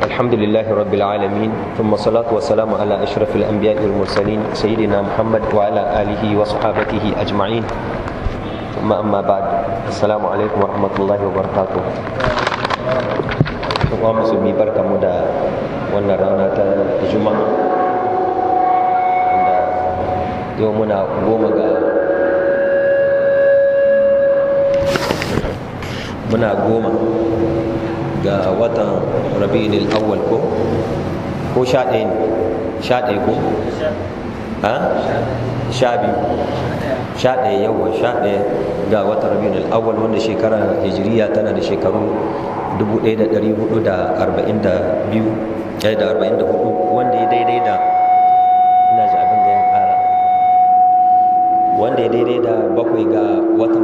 الحمد لله رب العالمين ثم الصلاة والسلام على أشرف الأنبياء والمرسلين سيدنا محمد وعلى آله وصحابته أجمعين ثم أما بعد السلام عليكم ورحمة الله وبركاته wa musulmi barka mu da wannan rana ta juma'a wanda yau muna goma ga muna goma ga watan rabi'ul awwal ko ko sha ɗaya ne sha ɗaya ko ha sha biyu sha ɗaya yawa sha ɗaya ga watan rabi'ul awwal wanda shekara hijiriya tana da shekaru 1442 eh, wanda ya daidai da ina ji abin da ya ƙara wanda ya daidai da bakwai ga watan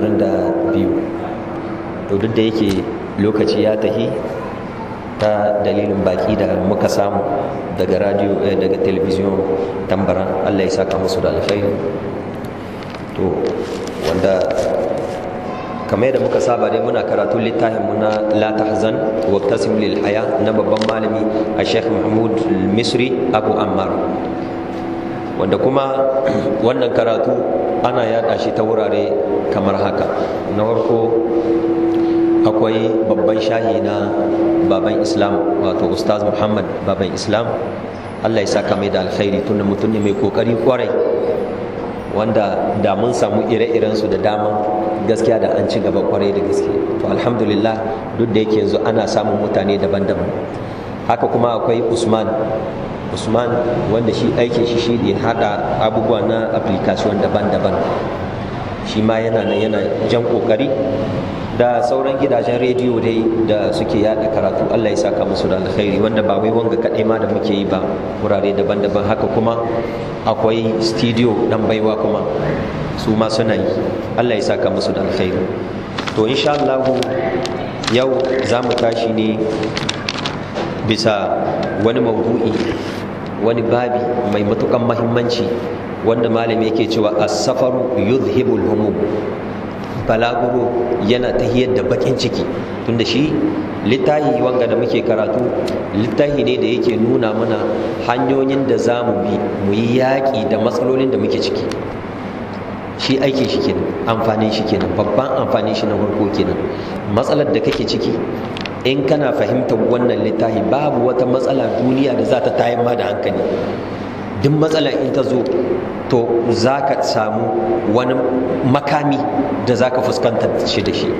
22 to duk da yake lokaci ya tahi ta dalilin baki da muka samu daga radio eh, daga telebijiyon tambaran allah ya saka musu da alkhairi to wanda kamar yadda muka saba dai muna karatu littafin mu na la tahzan wa haya na babban malami a sheikh mahmud misri abu ammar wanda kuma wannan karatu ana yada shi ta wurare kamar haka na farko akwai babban shahi na baban islam wato ustaz muhammad baban islam allah ya saka mai da alkhairi tunda mutum ne mai kokari kwarai wanda da mun samu ire iren su da dama gaskiya da an ci gaba kwarai da gaske to alhamdulillah duk da yake yanzu ana samun mutane daban-daban haka kuma akwai usman usman wanda shi aikin shi shi ne haɗa abubuwa na application daban-daban shi ma yana nan yana jan ƙoƙari da sauran gidajen rediyo dai da suke yada karatu Allah ya saka musu da alkhairi wanda ba wai wanga kadai ma da muke yi ba wurare daban-daban haka kuma akwai studio dan baiwa kuma su ma suna yi Allah ya saka musu da alkhairi to insha Allah yau za mu tashi ne bisa wani maudu'i wani babi mai matukan mahimmanci wanda malami yake cewa as-safaru yuzhibul humum balaguro yana ta tahiyar da bakin ciki tunda shi littahi wanga da muke karatu littahi ne da yake nuna mana hanyoyin da za mu bi mu yi yaƙi da matsalolin da muke ciki shi aikin shi kenan amfanin shi kenan babban amfanin shi na farko kenan matsalar da kake ciki in kana fahimtar wannan littafi babu wata matsala duniya da za ta tayin ma da hankali duk matsala in ta zo to za ka samu wani makami da za ka fuskanta shi da shi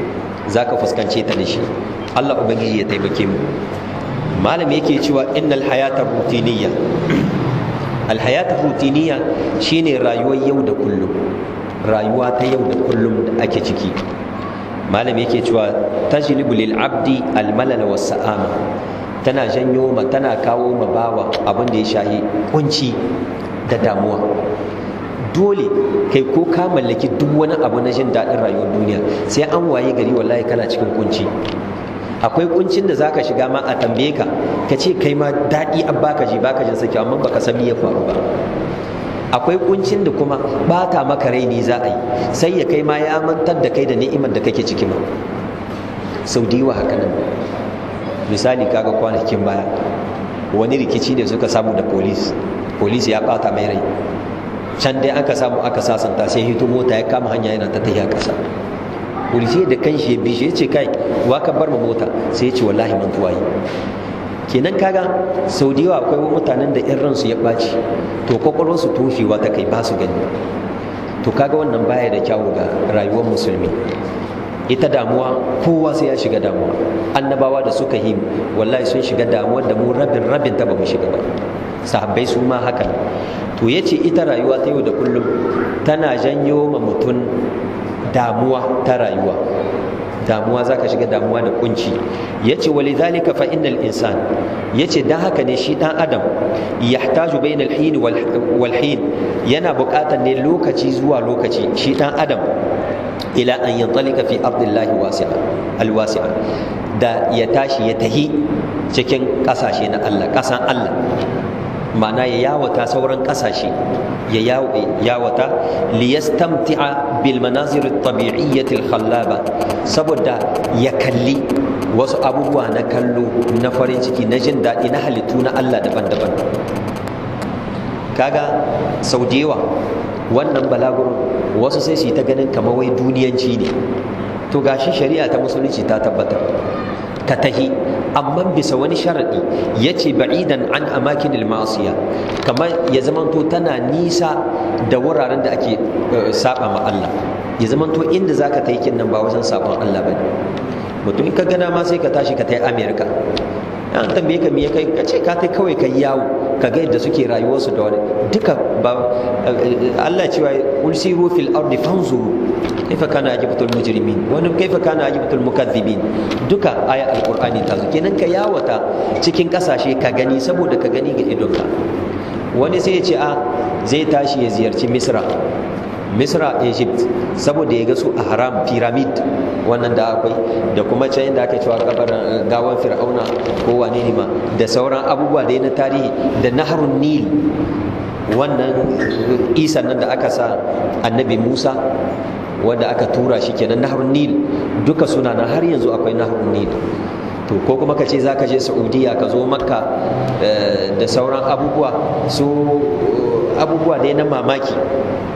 za ka fuskance ta da shi Allah Ubangiji ya taimake mu malam yake cewa innal hayata rutiniyya hayata rutiniya shine rayuwar yau da kullum rayuwa ta yau da kullum da ake ciki malam yake cewa tajlibu lil abdi al malal wa sa'ama tana janyo ma tana kawo ma bawa abin da ya shahi kunci da damuwa dole kai ko ka mallaki duk wani abu na jin daɗin rayuwar duniya sai an waye gari wallahi kana cikin kunci akwai kuncin da zaka shiga ma a tambaye ka ka ce kai ma daɗi an baka ji baka jin sakewa amma baka san me ya faru ba akwai kuncin da kuma bata maka rai ni za a yi sai ya kai ma ya mantar da kai da ni'imar da kake ciki ma sau da yawa haka nan misali kaga kwanakin baya wani rikici ne suka samu da polis polis ya bata mai rai can dai aka samu aka sasanta sai hito mota ya kama hanya yana ta tafiya kasa polisi da kanshi ya bishe ya ce kai wa bar ma mota sai ya ce wallahi mantuwa yi kenan kaga sau da yawa akwai mutanen da yan ransu ya ɓaci to kwakwalwarsu toshewa ta kai ba su gani to kaga wannan baya da kyawu ga rayuwar musulmi ita damuwa kowa sai ya shiga damuwa annabawa da suka yi wallahi sun shiga damuwa da mu rabin rabin ta ba mu shiga ba sahabbai su ma haka to yace ita rayuwa ta yau da kullum tana janyo ma mutum damuwa ta rayuwa damuwa zaka shiga damuwa da kunci yace zalika fa innal insan yace dan haka ne shi dan adam Ya bainal hin wal yana buƙatar ne lokaci zuwa lokaci shi dan adam ila an yantalika fi ardillahi alwasi'a da ya tashi ya tahi cikin ƙasashe na Allah ƙasan Allah ma'ana ya yawata sauran kasashe ya yawata liyastamti'a bil manazir at-tabi'iyyah al-khallaba saboda ya kalli wasu abubuwa na kallo na farin ciki na jin daɗi na halittu na Allah daban-daban kaga sau da yawa wannan balagurin wasu sai su ta ganin kamar wai duniyanci ne to gashi shari'a ta musulunci ta tabbatar ka tahi amma bisa wani sharadi yace ba'idan an amakin ma'asiya kamar ya zamanto tana nisa da wuraren da ake eh, saba ma Allah ya zamanto inda zaka ka yi nan ba wajen sabon Allah bane mutum ka gana ma sai ka tashi ka tai America an tambaye ka me kai ka ce ka tai kawai kai yawo ka ga yadda suke rayuwarsu da wani duka ba eh, eh, Allah cewa ulsiru fil ardi fanzuru kaifa kana ajibatul mujrimin wani kaifa kana ajibatul mukaththibin duka aya alqur'ani ta zo kenan ka yawata cikin kasashe ka gani saboda ka gani ga idonka wani sai ya ce a zai tashi ya ziyarci misra misra egypt saboda ya ga su a haram pyramid wannan da akwai da kuma can inda aka cewa kabarin gawan fir'auna ko wane ne ma da sauran abubuwa da na tarihi da naharun nil wannan isa nan da aka sa annabi musa wanda aka tura shi kenan nahrun nil duka suna na har yanzu akwai nahrun nil to ko kuma ka ce za ka je saudiya ka zo makka eh, da sauran abubuwa su abubuwa ne na mamaki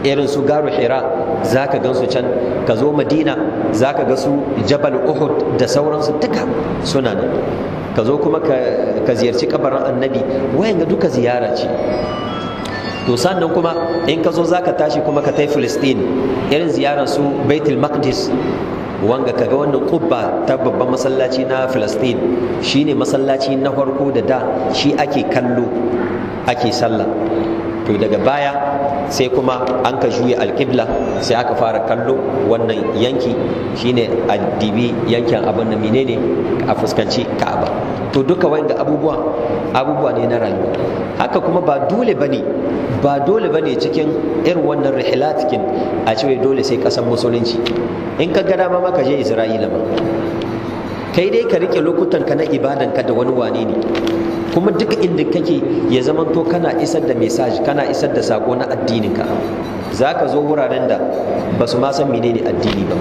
irin su garu hira za ka gan su can ka zo madina za ka ga su jabal uhud da sauransu duka suna nan ka zo kuma ka ziyarci kabarin annabi wayan ga duka ziyara ce to sannan kuma in ka zo zaka tashi kuma ka tai Filistin irin ziyarar su Baitul Maqdis wanga kaga wannan kubba ta babban masallaci na Filistin shine masallaci na farko da da shi ake kallo ake sallah to daga baya sai kuma an ka juya alƙibla sai aka fara kallo wannan yanki shine addibi yankin abin da ne a fuskanci ka'aba to duka da abubuwa abubuwa ne na rayuwa haka kuma ba dole bane ba dole bane cikin irin wannan rihilatkin a cewa dole sai kasan musulunci in ka gada ma maka je isra'ila ba kai dai ka rike lokutan ka na ibadan ka da wani wane ne kuma duk inda kake ya zama to kana isar da message kana isar da sako na addinin ka zaka zo wuraren da ba su ma san menene addini ba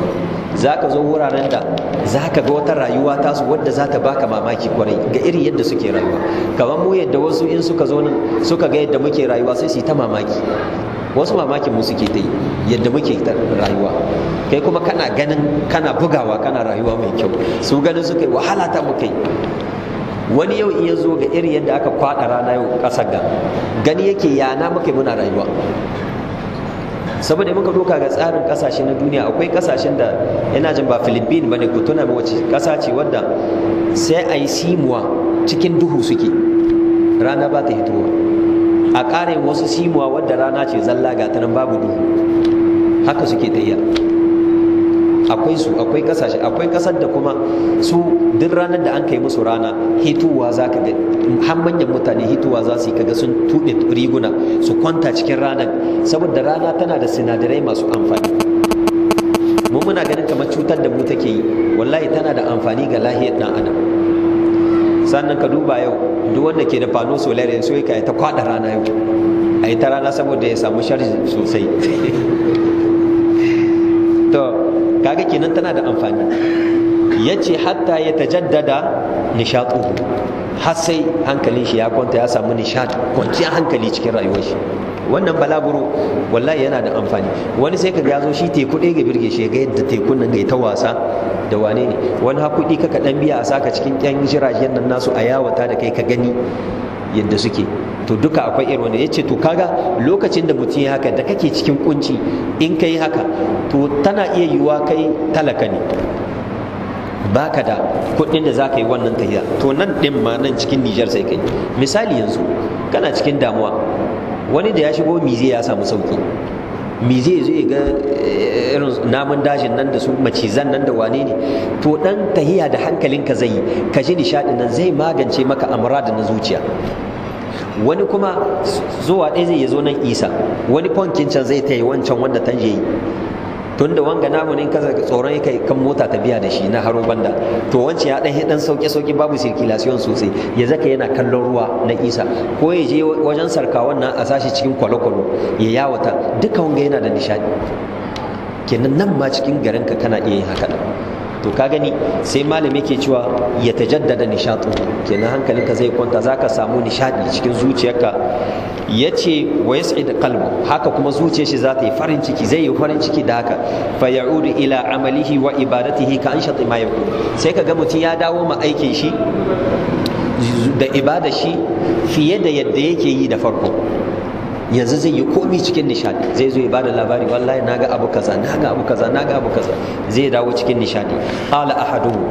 zaka zo wuraren da zaka ga wata rayuwa tasu wadda za ta baka mamaki kwarai ga irin yadda suke rayuwa kamar mu yadda wasu in suka zo nan suka ga yadda muke rayuwa sai su yi ta mamaki wasu mamakin mu suke ta yi yadda muke rayuwa kai kuma kana ganin kana bugawa kana rayuwa mai kyau su ganin suka yi wahala ta muka yi wani yau iya zo ga iri yadda aka kwada rana yau ƙasar ga gani yake yana muka muna rayuwa saboda muka doka ga tsarin kasashe na duniya akwai kasashen da yana jin ba filibin ba ne ku tuna wace ƙasa ce wadda sai a yi simuwa cikin duhu suke rana ba ta hitowa a ƙarin wasu simuwa wadda rana ce zalla ga ta nan babu duhu haka suke ta akwai su akwai kasashe akwai kasar da kuma su duk ranar da an kai musu rana hituwa za ka ga har manyan mutane hituwa za su yi kaga sun tuɗe riguna su kwanta cikin ranar saboda rana tana da sinadarai masu amfani mu muna ganin kamar cutar da mu take yi wallahi tana da amfani ga lahiyar dan adam sannan ka duba yau duk wanda ke da fano solar yanzu ya ta kwada rana yau a yi ta rana saboda ya samu sharji sosai kenan tana da amfani ya ce hatta ya tajaddada nishaɗu har sai hankalin shi ya kwanta ya samu nishaɗi kwanciyar hankali cikin rayuwar shi wannan balaguro wallahi yana da amfani wani sai ka ya zo shi teku ɗaya ga birge shi ga yadda tekun nan ga ta wasa da wane ne wani hakuɗi ka kaɗan biya a saka cikin ƙyan jiragen nan nasu a yawata da kai ka gani yadda suke to duka akwai irin wanda yace to kaga lokacin da mutum ya haka da kake cikin kunci in kai haka to tana iya yiwuwa kai talaka ne baka da kuɗin da zaka yi wannan tahiya to nan din ma nan cikin Nijar sai kai misali yanzu kana cikin damuwa wani da ya shigo mize ya samu sauki mize zai ya ga eh, irin namun dajin nan da su macizan nan da wane ne to dan tahiya da hankalinka zai yi ka ji nishadin nan zai magance maka amradin na zuciya wani kuma zuwa ɗaya zai zo nan isa wani fankin can zai ta yi wancan wanda ta je yi tun da wanga namu ne tsoron yake kan mota ta biya da shi na haro banda to wancan ya dan dan sauke sauki babu circulation sosai ya zaka yana kallon ruwa na isa ko ya je wajen sarkawan nan a sashi cikin kwalokwalo ya yawata duka wanga yana da nishadi kenan nan ma cikin garin ka kana iya yin haka to ka gani sai malami ke cewa ya tajaddada nishaɗin kenan hankalinka zai kwanta zaka samu nishadi cikin zuciyarka ya ce wa da qalbu haka kuma zuciyar shi za ta yi farin ciki zai yi farin ciki da haka fa ya'udu ila amalihi wa ibadatihi ka anshati ma sai ka ga mutum ya dawo ma aikin shi da ibada shi fiye da yadda yake yi da farko yanzu zai yi komi cikin nishadi zai zo ya bada labari wallahi naga abu kaza naga abu kaza naga abu kaza zai dawo cikin nishadi qala ahaduhu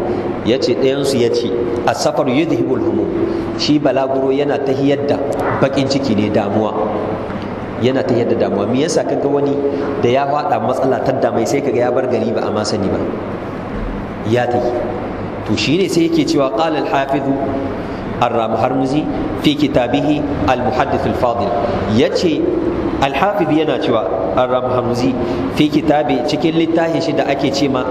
yace dayan su yace as-safaru yudhibul humum shi balaguro yana ta da bakin ciki ne damuwa yana ta yadda damuwa me yasa kaga wani da ya faɗa matsala ta damai sai kaga ya bar gari ba a ma sani ba ya yi. to shine sai yake cewa qala al-hafiz الرام هرمزي في كتابه المحدث الفاضل يتي الحافظ yana cewa ar-ramhamuzi fi kitabi cikin littafin shida ake ce ma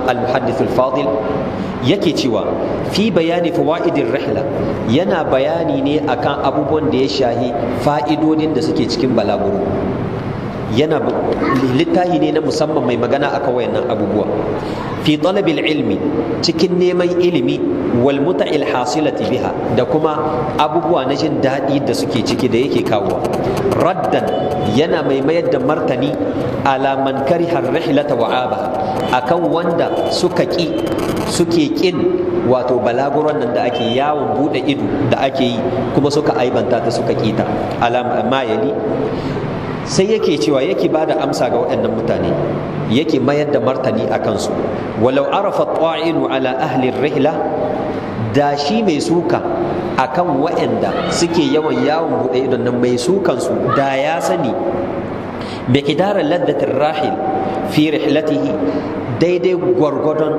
yake cewa fi bayani fawa'idin rihla yana bayani ne akan abubuwan da ya shahi fa'idodin da suke cikin balaguro yana littafi ne na musamman mai magana akan wayannan abubuwa fi talabil ilmi cikin neman ilimi wal muta'il hasilati biha da kuma abubuwa na jin daɗi da suke ciki da yake kawo raddan yana mai mayar da martani ala man kariha rihlata wa abaha akan wanda suka ki suke kin wato balaguron nan da ake yawon bude ido da ake yi kuma suka aibanta ta suka kita alama ma yali sai yake cewa yake ba da amsa ga waɗannan mutane yake mayar da martani a kansu walau arafa ta'inu ala ahli rihla da shi mai suka a kan waɗanda suke yawan yawon buɗe idon nan mai sukansu da ya sani bi kidarar laddatin rahil fi rihlatihi daidai gwargwadon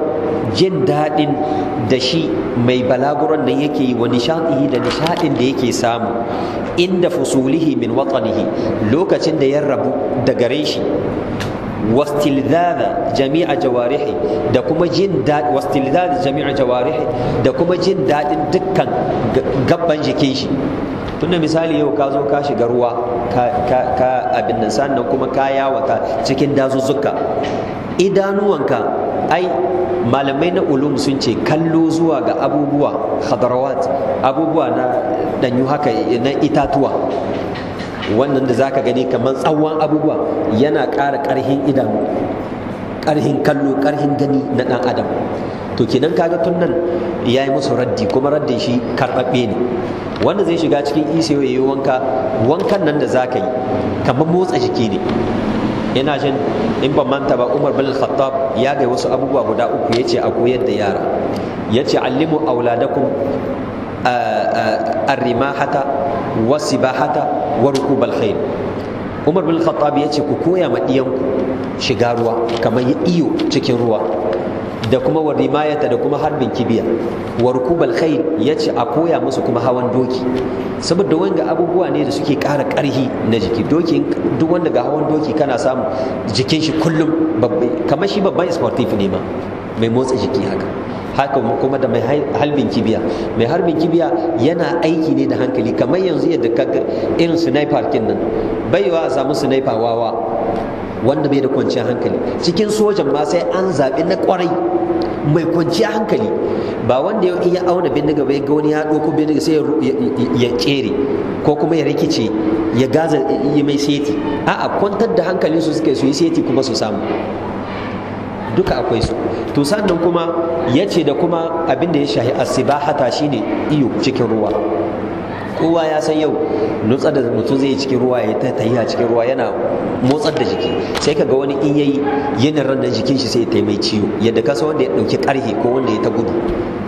jin daɗin da shi mai balaguron nan yake yi wa nishaɗi da nishaɗin da yake samu inda fusulihi min watsanihi lokacin da ya rabu da gare shi wastilzada jami'a jawarihi da kuma jin jami'a jawarihi da kuma jin daɗin dukkan gabban jikin shi tunda misali yau ka zo ka shiga ruwa ka abin nan sannan kuma ka yawata cikin dazuzzuka idanuwanka ai malamai na ulum sun ce kallo zuwa ga abubuwa khadarawat abubuwa na danyu haka na itatuwa wannan da zaka gani kamar tsawon abubuwa yana ƙara ƙarhin idanu ƙarhin kallo ƙarhin gani na ɗan adam to kenan kaga tun nan ya yi musu raddi kuma raddi shi karɓaɓɓe ne wanda zai shiga cikin isiyo ya yi wanka wankan nan da zaka yi kamar motsa jiki ne ina jin in ban manta ba Umar bin Khattab ya ga wasu abubuwa guda uku yace a koyar da yara yace allimu auladakum arrimahata wasibahata wa rukubal khayl Umar bin Khattab yace ku koya ma diyanku shiga ruwa kamar iyo cikin ruwa da kuma wa rimayata da kuma harbin kibiya wa rukubal ya yace a koya musu kuma hawan doki saboda wanga abubuwa ne da suke kara ƙarhi na jiki doki duk wanda ga hawan doki kana samu jikin shi kullum kamar shi babban sportif ne ma mai motsa jiki haka haka kuma da mai harbin kibiya mai harbin kibiya yana aiki ne da hankali kamar yanzu yadda kaga irin sniper kin nan baiwa a samu sniper wawa wanda bai da kwanciyar hankali cikin sojan ma sai an zaɓi na kwarai mai kwanciya hankali ba wanda ya iya auna bindiga ba ya ga wani ya ɗauko bindiga sai ya tsere ko kuma ya rikice ya gaza yi mai seti a'a kwantar da hankalin su suke su yi seti kuma su samu duka akwai su to sannan kuma ya ce da kuma abin da ya shahi asibahata shine iyo cikin ruwa kowa ya san yau nutsa da mutum zai cikin ruwa ya ta tahiya cikin ruwa yana motsar da jiki sai ka ga wani in yayi yinin ran da jikin shi sai ya mai ciwo yadda ka san wanda ya dauki karhi ko wanda ya ta gudu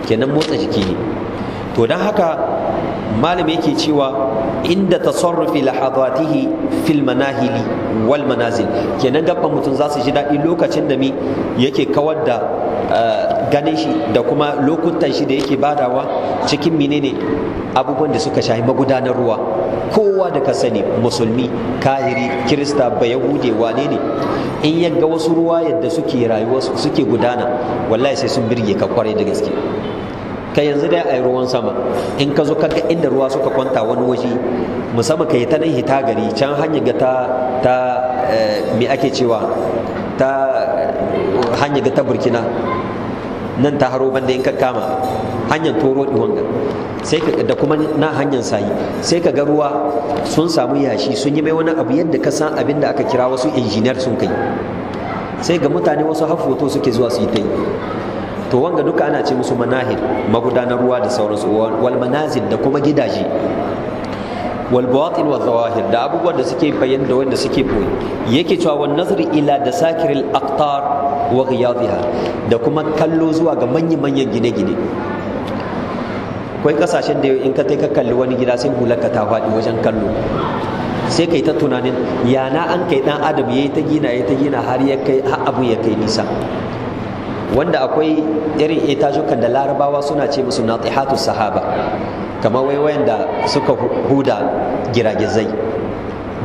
kenan motsa jiki ne to dan haka malam yake cewa inda tasarrufi lahadatihi fil manahili wal manazil kenan gaban mutum za su ji daɗi lokacin da mi yake kawar da ganin shi da kuma lokutan shi da yake badawa cikin menene abubuwan da suka shahi magudanar ruwa kowa da ka sani musulmi kahiri kirista bayahude wane ne in yagga wasu ruwa yadda suke rayuwa suke gudana wallahi sai sun birge ka kwarai da gaske ka yanzu dai a ruwan sama in ka zo kaga inda ruwa suka kwanta wani waje musamman ka yi ta nan hita gari can hanyar ga ta ta eh, ake cewa ta hanya ga ta burkina nan ta haro banda in ka kama hanyar toro wanga sai ka da kuma na hanyar sayi sai ka ga ruwa sun samu yashi sun yi mai wani abu yadda ka san abin da aka kira wasu injiniyar sun kai sai ga mutane wasu hafoto suke zuwa su yi ta yi to wanga duka ana ce musu manahir magudanar ruwa da sauransu wal manazil da kuma gidaje Walbawatin bawatin wa zawahir da abubuwan da suke bayan da wanda suke boye yake cewa wan nazari ila da sakiril aqtar wa ghiyadhiha da kuma kallo zuwa ga manyan manyan gine-gine akwai kasashen da in ka ka kalli wani gida sai hulanka ta faɗi wajen kallo sai kai ta tunanin yana an kai dan adam yayi ta gina yayi ta gina har ya kai abu ya kai nisa wanda akwai irin itajukan da larabawa suna ce musu natihatu sahaba kamar wai da suka huda giragizai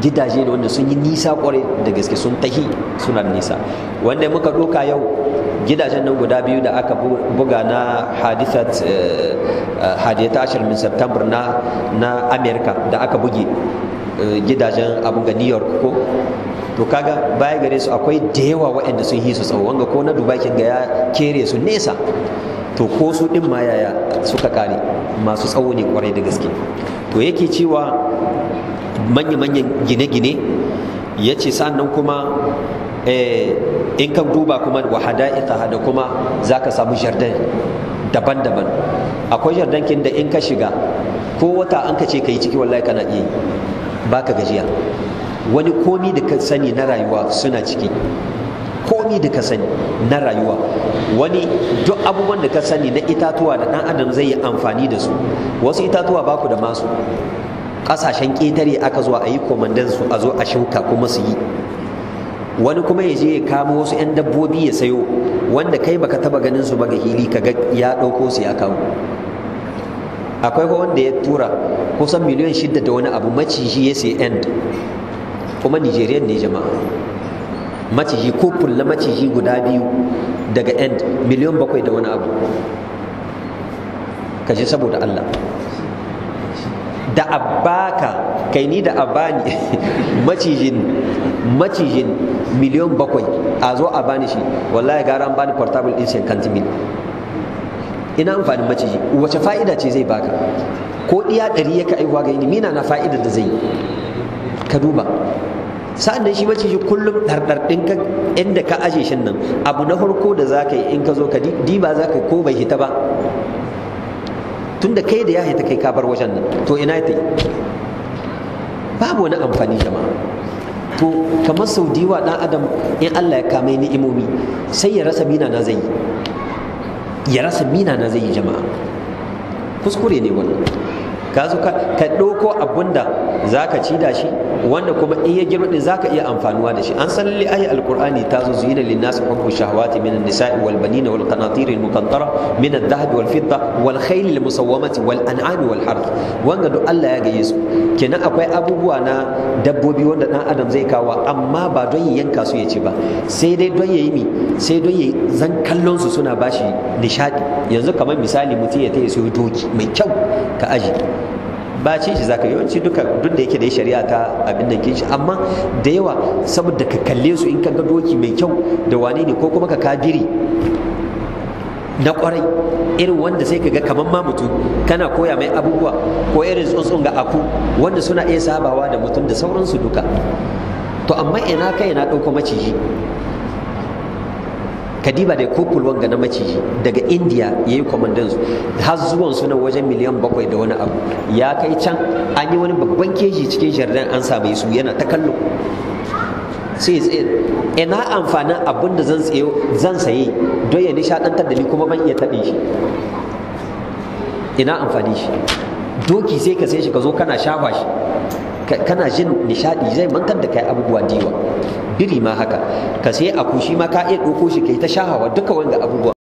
gidaje ne wanda sun yi nisa kwarai da gaske sun tahi suna nisa wanda muka doka yau gidajen nan guda biyu da aka buga na hadithat eh, eh, hadiyata ashir min september na na america da aka buge eh, gidajen abu ga new york ko to kaga baya gare su akwai da yawa waɗanda sun yi su tsawo wanga ko na dubai ga ya kere su nesa to ko su din ma yaya suka kare masu tsawo ne kwarai da gaske to yake cewa manya-manyan gine-gine ya ce sannan kuma eh, in kan duba kuma wa hada'ika da kuma za ka samu jardin daban-daban akwai jardankin da in ka shiga ko wata an ka ce ka yi ciki wallahi kana iya ba ka gajiya wani komi da ka sani na rayuwa suna ciki komi da ka sani na rayuwa wani duk abubuwan da ka sani na itatuwa da ɗan adam zai yi amfani da su wasu itatuwa ba ku da masu kasashen ƙetare aka zuwa a yi komandan su a zo a shuka kuma su yi wani kuma ya je ya kama wasu 'yan dabbobi ya sayo wanda kai baka taba ganin su ba ga hili ka ga ya ɗauko su ya kawo akwai wanda ya tura kusan miliyan shida da wani abu maciji ya sai end kuma nigerian ne jama'a maciji ko fulla maciji guda biyu daga end miliyan bakwai da wani abu ka saboda Allah da abaka, kai ni da abani macijin macijin miliyan bakwai a zo a bani shi wallahi gara an bani portable din timin. ina amfanin maciji wace fa'ida ce zai baka ko iya ɗari ya ka aihuwa ga yini mina na fa'idar da zai ka duba sa'an da shi maciji kullum ɗarɗarɗin ka inda ka aje shin nan abu na farko da za ka yi in ka zo ka diba za ka ko bai hita ba tunda kai da ya hita kai ka bar wajen nan to ina ta yi babu wani amfani jama'a to kamar sau diwa ɗan adam in allah ya kame ni'imomi sai ya rasa mina na zai ya rasa mina na zai yi jama'a kuskure ne wannan ka zo ka ɗauko abin da za ka ci da shi wanda kuma in ya girma din zaka iya amfanuwa da shi an san lalle ayi alqur'ani ta zo zuyina lin nas hubbu shahawati min an-nisa'i wal banina wal qanatir al-muqantara min adh-dhahab wal fidda wal khayl al-musawwamati wal an'am wal harth wanda duk Allah ya gaye su kenan akwai abubuwa na dabbobi wanda dan adam zai kawo amma ba don ya yanka su ya ba sai dai don yayi mi sai don yayi zan kallon su suna bashi nishadi yanzu kamar misali mutum ya taya su doki mai kyau ka aji Ba bacin shi zaka yawanci duka duk da yake da shari'a ta abin da kinshi amma da yawa saboda ka kalle su in ka ga doki mai kyau da wane ne ko kuma ka kabiri na kwarai irin wanda sai ka ga kamar ma mutum kana koya mai abubuwa ko irin tsuntsun ga aku wanda suna iya sabawa da mutum da sauransu duka to amma ina kai na ɗauko maciji kadiba da kofin wanga na maciji daga indiya ya yi kwamandan su har zuwan su wajen miliyan bakwai da wani abu ya kai can an yi wani babban keji cikin jardin an same su yana ta kallo sai tsaye ina amfanin abin da zan tsaye zan saye don ya nishaɗantar da ni kuma ban iya taɓe shi ina amfani shi doki sai ka sai shi ka zo kana shafa shi kana jin nishadi zai mankan da kai abubuwa diwa biri ma haka ka sai a kushi ma ka iya doko shi kai ta shahawa duka wanda abubuwa